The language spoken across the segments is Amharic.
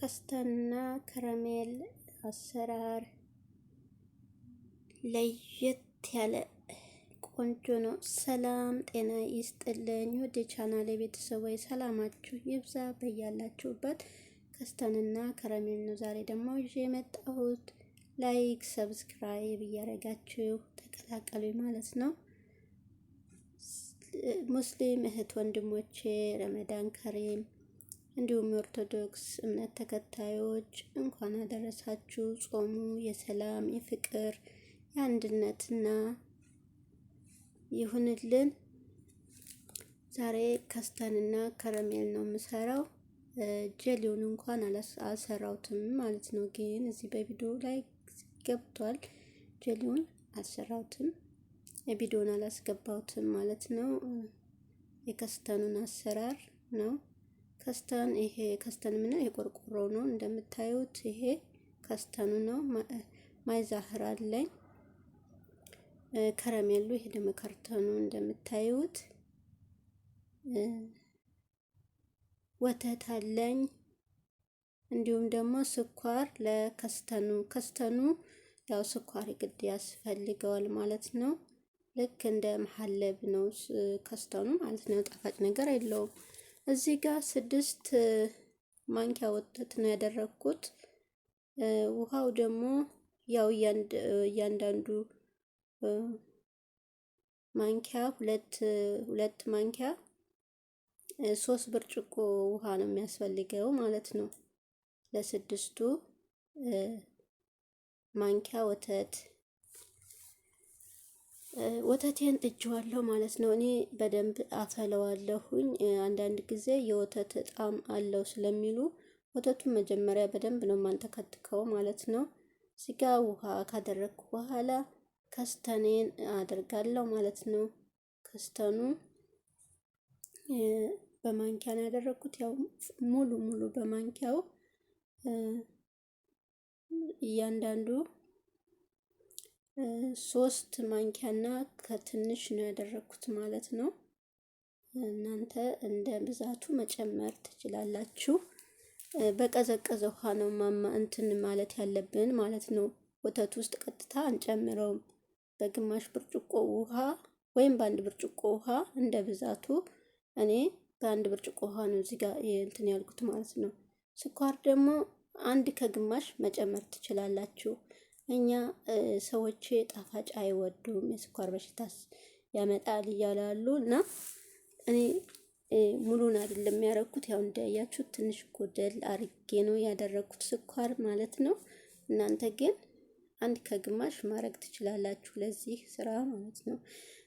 ከስተና ከረሜል አሰራር ለየት ያለ ቆንጆ ነው። ሰላም ጤና ይስጥልኝ ወደ ቻናል የቤተሰቦች ሰላማችሁ ይብዛ በያላችሁበት። ከስተንና ከረሜል ነው ዛሬ ደግሞ ይዤ የመጣሁት። ላይክ ሰብስክራይብ እያደረጋችሁ ተቀላቀሉ ማለት ነው። ሙስሊም እህት ወንድሞቼ ረመዳን ከሪም እንዲሁም የኦርቶዶክስ እምነት ተከታዮች እንኳን አደረሳችሁ። ጾሙ የሰላም የፍቅር የአንድነትና ይሁንልን። ዛሬ ከስተንና ከረሜል ነው የምሰራው። ጀሊውን እንኳን አልሰራውትም ማለት ነው። ግን እዚህ በቪዲዮ ላይ ገብቷል። ጀሊውን አልሰራውትም፣ የቪዲዮን አላስገባውትም ማለት ነው። የከስተኑን አሰራር ነው ከስተን ይሄ ከስተን ምን ይሄ ነው እንደምታዩት። ይሄ ከስተኑ ነው። ማይዛህር አለኝ ከረሜሉ። ይሄ ደግሞ ካርተኑ እንደምታዩት። ወተት አለኝ እንዲሁም ደግሞ ስኳር ለከስተኑ ከስተኑ ያው ስኳር ግድ ያስፈልገዋል ማለት ነው። ልክ እንደ ነው ከስተኑ ማለት ነው። ጣፋጭ ነገር የለውም። እዚህ ጋር ስድስት ማንኪያ ወተት ነው ያደረኩት። ውሃው ደግሞ ያው እያንዳንዱ ማንኪያ ሁለት ሁለት ማንኪያ ሶስት ብርጭቆ ውሃ ነው የሚያስፈልገው ማለት ነው ለስድስቱ ማንኪያ ወተት ወተቴን እጅዋለሁ ማለት ነው። እኔ በደንብ አፈለዋለሁኝ። አንዳንድ ጊዜ የወተት ጣዕም አለው ስለሚሉ ወተቱን መጀመሪያ በደንብ ነው የማንተከትከው ማለት ነው። ስጋ ውሃ ካደረግኩ በኋላ ከስተኔን አደርጋለሁ ማለት ነው። ከስተኑ በማንኪያ ነው ያደረግኩት። ያው ሙሉ ሙሉ በማንኪያው እያንዳንዱ ሶስት ማንኪያና ከትንሽ ነው ያደረኩት ማለት ነው። እናንተ እንደ ብዛቱ መጨመር ትችላላችሁ። በቀዘቀዘ ውሃ ነው ማማ እንትን ማለት ያለብን ማለት ነው። ወተት ውስጥ ቀጥታ አንጨምረውም። በግማሽ ብርጭቆ ውሃ ወይም በአንድ ብርጭቆ ውሃ እንደ ብዛቱ። እኔ በአንድ ብርጭቆ ውሃ ነው እዚህ ጋር እንትን ያልኩት ማለት ነው። ስኳር ደግሞ አንድ ከግማሽ መጨመር ትችላላችሁ። እኛ ሰዎች ጣፋጭ አይወዱም፣ የስኳር በሽታ ያመጣል እያላሉ እና እኔ ሙሉን አይደለም ያደረኩት። ያው እንዳያችሁት ትንሽ ጎደል አርጌ ነው ያደረኩት ስኳር ማለት ነው። እናንተ ግን አንድ ከግማሽ ማድረግ ትችላላችሁ ለዚህ ስራ ማለት ነው።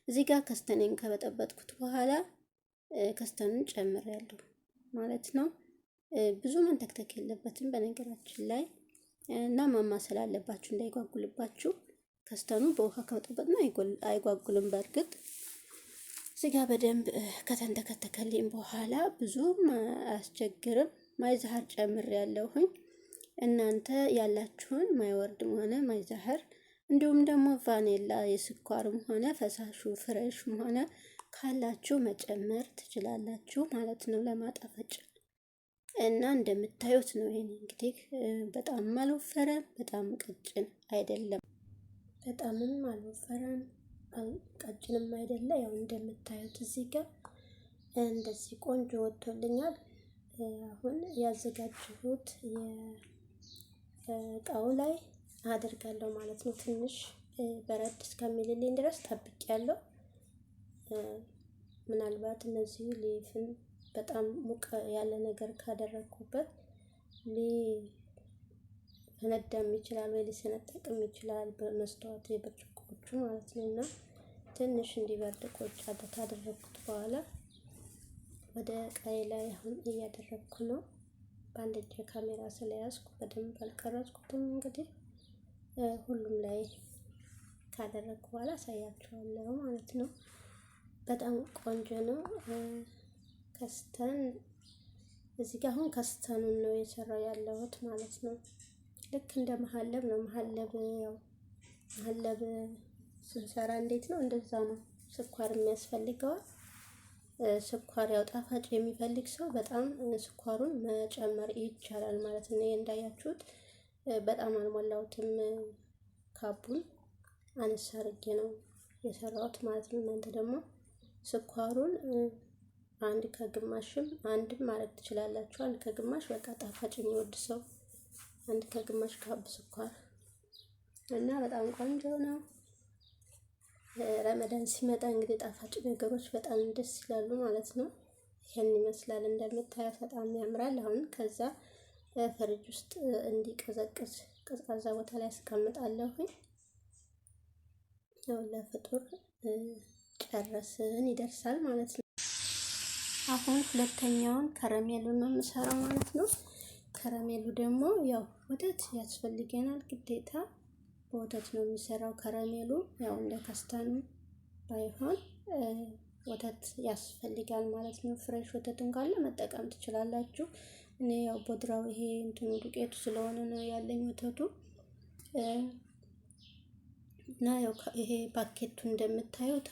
እዚህ ጋር ከስተኔን ከበጠበጥኩት በኋላ ከስተኑን ጨምሬያለሁ ማለት ነው። ብዙ መንተክተክ የለበትም በነገራችን ላይ እና ማማሰል አለባችሁ እንዳይጓጉልባችሁ። ከስተኑ በውሃ ከመጠበጥና አይጓጉልም። በእርግጥ ስጋ በደንብ ከተንተከተከልኝ በኋላ ብዙም አያስቸግርም። ማይዛህር ጨምር ያለሁኝ እናንተ ያላችሁን ማይወርድም ሆነ ማይዛህር እንዲሁም ደግሞ ቫኔላ የስኳርም ሆነ ፈሳሹ ፍሬሽም ሆነ ካላችሁ መጨመር ትችላላችሁ ማለት ነው ለማጣፈጫ እና እንደምታዩት ነው። ይሄን እንግዲህ በጣም አልወፈረም፣ በጣም ቀጭን አይደለም፣ በጣምም አልወፈረም፣ ቀጭንም አይደለ። ያው እንደምታዩት እዚህ ጋር እንደዚህ ቆንጆ ወጥቶልኛል። አሁን ያዘጋጀሁት እቃው ላይ አድርጋለሁ ማለት ነው። ትንሽ በረድ እስከሚልልኝ ድረስ ያለው ምናልባት እነዚህ ሌፍን በጣም ሙቅ ያለ ነገር ካደረግኩበት ሊፈነዳም ይችላል ወይ ሊሰነጠቅም ይችላል። በመስተዋት የብርጭቆቹ ማለት ነው። እና ትንሽ እንዲበርድ ቆጫ ካደረግኩት በኋላ ወደ ቀይ ላይ አሁን እያደረግኩ ነው። በአንድ እጄ ካሜራ ስለያዝኩ በደንብ አልቀረጽኩትም። እንግዲህ ሁሉም ላይ ካደረግኩ በኋላ አሳያችኋለሁ ማለት ነው። በጣም ቆንጆ ነው። ከስተን እዚህ ጋር አሁን ከስተኑን ነው የሰራው ያለሁት ማለት ነው። ልክ እንደ መሀለብ ነው። መሀለብ ያው መሀለብ ስንሰራ እንዴት ነው? እንደዛ ነው። ስኳር የሚያስፈልገዋል። ስኳር ያው ጣፋጭ የሚፈልግ ሰው በጣም ስኳሩን መጨመር ይቻላል ማለት ነው። እንዳያችሁት በጣም አልሞላሁትም። ካቡን አነስ አድርጌ ነው የሰራሁት ማለት ነው። እናንተ ደግሞ ስኳሩን አንድ ከግማሽም አንድም ማድረግ ትችላላችሁ። አንድ ከግማሽ በቃ ጣፋጭ የሚወድ ሰው አንድ ከግማሽ ካብ ስኳር እና በጣም ቆንጆ ነው። ረመዳን ሲመጣ እንግዲህ ጣፋጭ ነገሮች በጣም ደስ ይላሉ ማለት ነው። ይህን ይመስላል እንደምታዩት በጣም ያምራል። አሁን ከዛ ፍሪጅ ውስጥ እንዲቀዘቅዝ ቀዝቃዛ ቦታ ላይ አስቀምጣለሁኝ። ያው ለፍጡር ጨረስን ይደርሳል ማለት ነው። አሁን ሁለተኛውን ከረሜሉ ነው የምሰራው ማለት ነው። ከረሜሉ ደግሞ ያው ወተት ያስፈልገናል ግዴታ፣ በወተት ነው የሚሰራው ከረሜሉ። ያው እንደ ካስታኑ ባይሆን ወተት ያስፈልጋል ማለት ነው። ፍሬሽ ወተቱን ካለ መጠቀም ትችላላችሁ። እኔ ያው ቦድራው ይሄ እንትኑ ዱቄቱ ስለሆነ ነው ያለኝ ወተቱ እና ያው ይሄ ፓኬቱ እንደምታዩት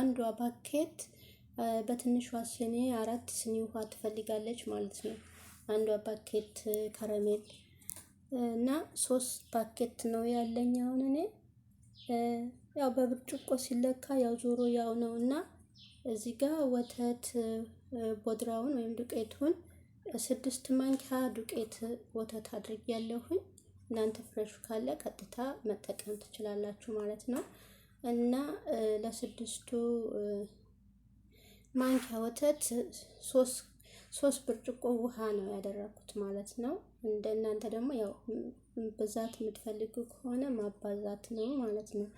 አንዷ ፓኬት። በትንሿ ስኒ አራት ስኒ ውሃ ትፈልጋለች ማለት ነው። አንዷ ፓኬት ከረሜል እና ሶስት ፓኬት ነው ያለኝ አሁን እኔ ያው በብርጭቆ ሲለካ ያው ዞሮ ያው ነው እና እዚህ ጋር ወተት ቦድራውን ወይም ዱቄቱን ስድስት ማንኪያ ዱቄት ወተት ያለሁኝ እናንተ ፍሬሹ ካለ ቀጥታ መጠቀም ትችላላችሁ ማለት ነው እና ለስድስቱ ማንኪያ ወተት ሶስት ብርጭቆ ውሃ ነው ያደረኩት ማለት ነው። እንደ እናንተ ደግሞ ያው ብዛት የምትፈልጉ ከሆነ ማባዛት ነው ማለት ነው።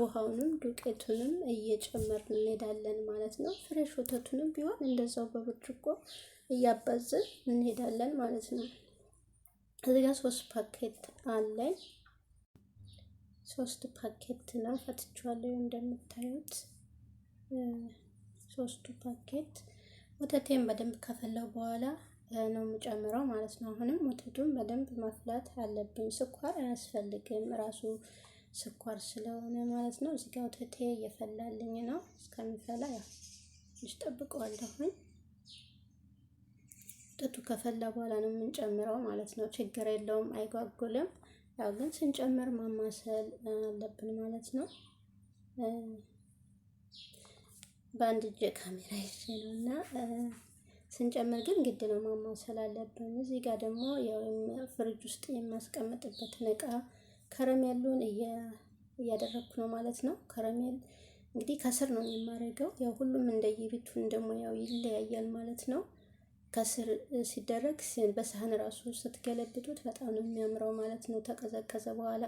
ውሃውንም ዱቄቱንም እየጨመርን እንሄዳለን ማለት ነው። ፍሬሽ ወተቱንም ቢሆን እንደዛው በብርጭቆ እያባዝን እንሄዳለን ማለት ነው። እዚህ ጋር ሶስት ፓኬት አለኝ። ሶስት ፓኬት ነው ፈትቼዋለሁ እንደምታዩት ሶስቱ ፓኬት ወተቴን በደንብ ከፈለው በኋላ ነው የምጨምረው ማለት ነው። አሁንም ወተቱን በደንብ ማፍላት አለብኝ። ስኳር አያስፈልግም ራሱ ስኳር ስለሆነ ማለት ነው። እዚጋ ወተቴ እየፈላልኝ ነው። እስከሚፈላ ያው ትንሽ ጠብቀዋለሁኝ። ወተቱ ከፈላ በኋላ ነው የምንጨምረው ማለት ነው። ችግር የለውም፣ አይጓጉልም። ያው ግን ስንጨምር ማማሰል አለብን ማለት ነው። በአንድ እጅ ካሜራ ይዤ ነው እና ስንጨምር ግን ግድ ነው ማማሰል አለብን። እዚህ ጋር ደግሞ ፍሪጅ ውስጥ የማስቀምጥበትን እቃ ከረሜሉን እያደረግኩ ነው ማለት ነው። ከረሜል እንግዲህ ከስር ነው የማደርገው። ያው ሁሉም እንደየቤቱ እንደሙያው ይለያያል ማለት ነው። ከስር ሲደረግ በሳህን ራሱ ስትገለብጡት በጣም ነው የሚያምረው ማለት ነው። ተቀዘቀዘ በኋላ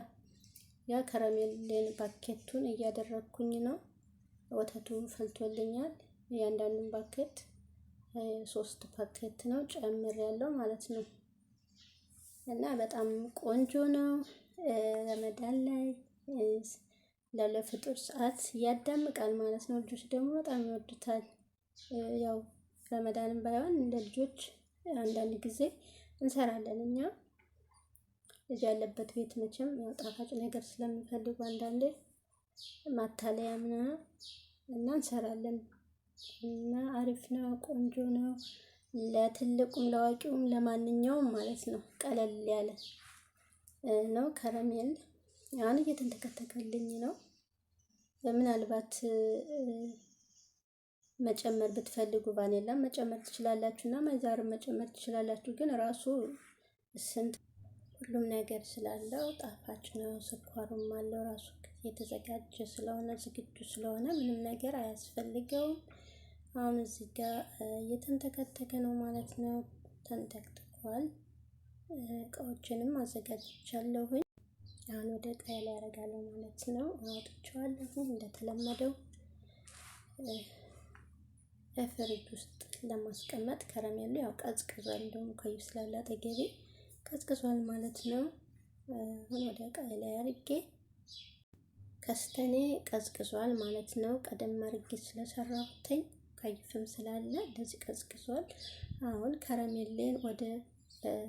ያ ከረሜልን ባኬቱን እያደረግኩኝ ነው ወተቱ ፈልቶልኛል። እያንዳንዱን ፓኬት ሶስት ፓኬት ነው ጨምር ያለው ማለት ነው። እና በጣም ቆንጆ ነው። ረመዳን ላይ ፍጡር ሰዓት ያዳምቃል ማለት ነው። ልጆች ደግሞ በጣም ይወዱታል። ያው ረመዳንም ባይሆን እንደ ልጆች አንዳንድ ጊዜ እንሰራለን እኛ ልጅ ያለበት ቤት መቼም ያው ጣፋጭ ነገር ስለሚፈልጉ አንዳንዴ ማታለያ ምናምን እና እንሰራለን እና አሪፍ ነው፣ ቆንጆ ነው። ለትልቁም ለአዋቂውም ለማንኛውም ማለት ነው። ቀለል ያለ ነው። ከረሜል አሁን እየተንተከተከልኝ ነው። ምናልባት መጨመር ብትፈልጉ ቫኔላ መጨመር ትችላላችሁ እና ማይዛር መጨመር ትችላላችሁ። ግን ራሱ ስንት ሁሉም ነገር ስላለው ጣፋጭ ነው። ስኳሩም አለው ራሱ የተዘጋጀ ስለሆነ ዝግጁ ስለሆነ ምንም ነገር አያስፈልገውም። አሁን እዚህ ጋር እየተንተከተከ ነው ማለት ነው። ተንተክትኳል። እቃዎችንም አዘጋጅቻለሁኝ። አሁን ወደ ጣያ ላይ ያደርጋለሁ ማለት ነው። አውጥቼዋለሁ እንደተለመደው ፍሪጅ ውስጥ ለማስቀመጥ ከረሜሉ ያው ቀዝቅዟል። እንደውም ቆይ ስላለ አጠገቤ ቀዝቅዟል ማለት ነው። አሁን ወደ ቃይ ላይ አድርጌ ከስተኔ ቀዝቅዟል ማለት ነው። ቀደም አድርጌ ስለሰራሁትኝ ቀይፍም ስላለ እንደዚህ ቀዝቅዟል። አሁን ከረሜሌን ወደ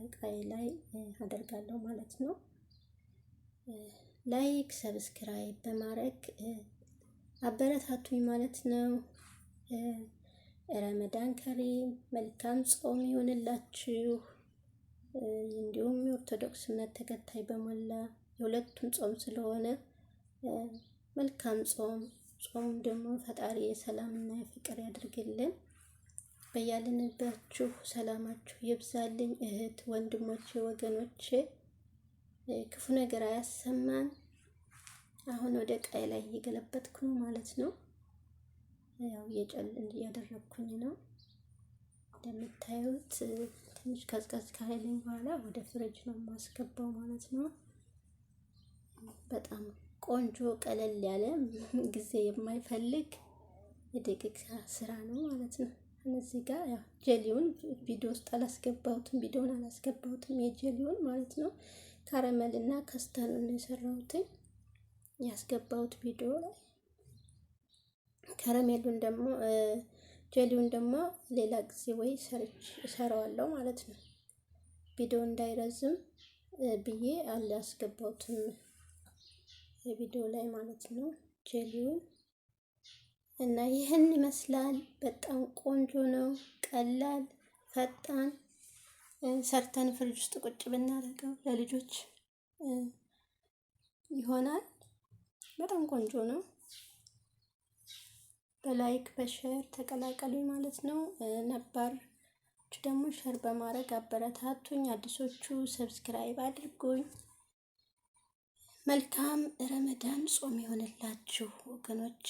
እቃዬ ላይ አደርጋለሁ ማለት ነው። ላይክ ሰብስክራይብ በማድረግ አበረታቱኝ ማለት ነው። ረመዳን ከሪም፣ መልካም ጾም ይሆንላችሁ። እንዲሁም የኦርቶዶክስ እምነት ተከታይ በሞላ የሁለቱም ጾም ስለሆነ መልካም ጾም። ጾም ደግሞ ፈጣሪ የሰላምና የፍቅር ያድርግልን። በያልንባችሁ ሰላማችሁ ይብዛልኝ። እህት ወንድሞቼ፣ ወገኖቼ ክፉ ነገር አያሰማን። አሁን ወደ ቃይ ላይ እየገለበጥኩ ማለት ነው። ያው የጨል እያደረግኩኝ ነው እንደምታዩት። ትንሽ ቀዝቀዝ ካለኝ በኋላ ወደ ፍሪጅ ነው የማስገባው ማለት ነው። በጣም ቆንጆ ቀለል ያለ ጊዜ የማይፈልግ የደቂቃ ስራ ነው ማለት ነው። እነዚህ ጋር ያው ጀሊውን ቪዲዮ ውስጥ አላስገባሁትም፣ ቪዲዮን አላስገባሁትም የጀሊውን ማለት ነው። ካረመል እና ከስተን ነው የሰራሁትን ያስገባሁት ቪዲዮ ላይ ከረሜሉን ደግሞ ጀሊውን ደግሞ ሌላ ጊዜ ወይ ሰርች እሰራዋለሁ ማለት ነው። ቪዲዮ እንዳይረዝም ብዬ አላስገባሁትም። ቪዲዮ ላይ ማለት ነው ጀሊው እና ይህን ይመስላል። በጣም ቆንጆ ነው። ቀላል፣ ፈጣን ሰርተን ፍሪጅ ውስጥ ቁጭ ብናደርገው ለልጆች ይሆናል። በጣም ቆንጆ ነው። በላይክ በሸር ተቀላቀሉኝ ማለት ነው። ነባሮቹ ደግሞ ሸር በማድረግ አበረታቱኝ። አዲሶቹ ሰብስክራይብ አድርጉኝ። መልካም ረመዳን ጾም የሆነላችሁ ወገኖች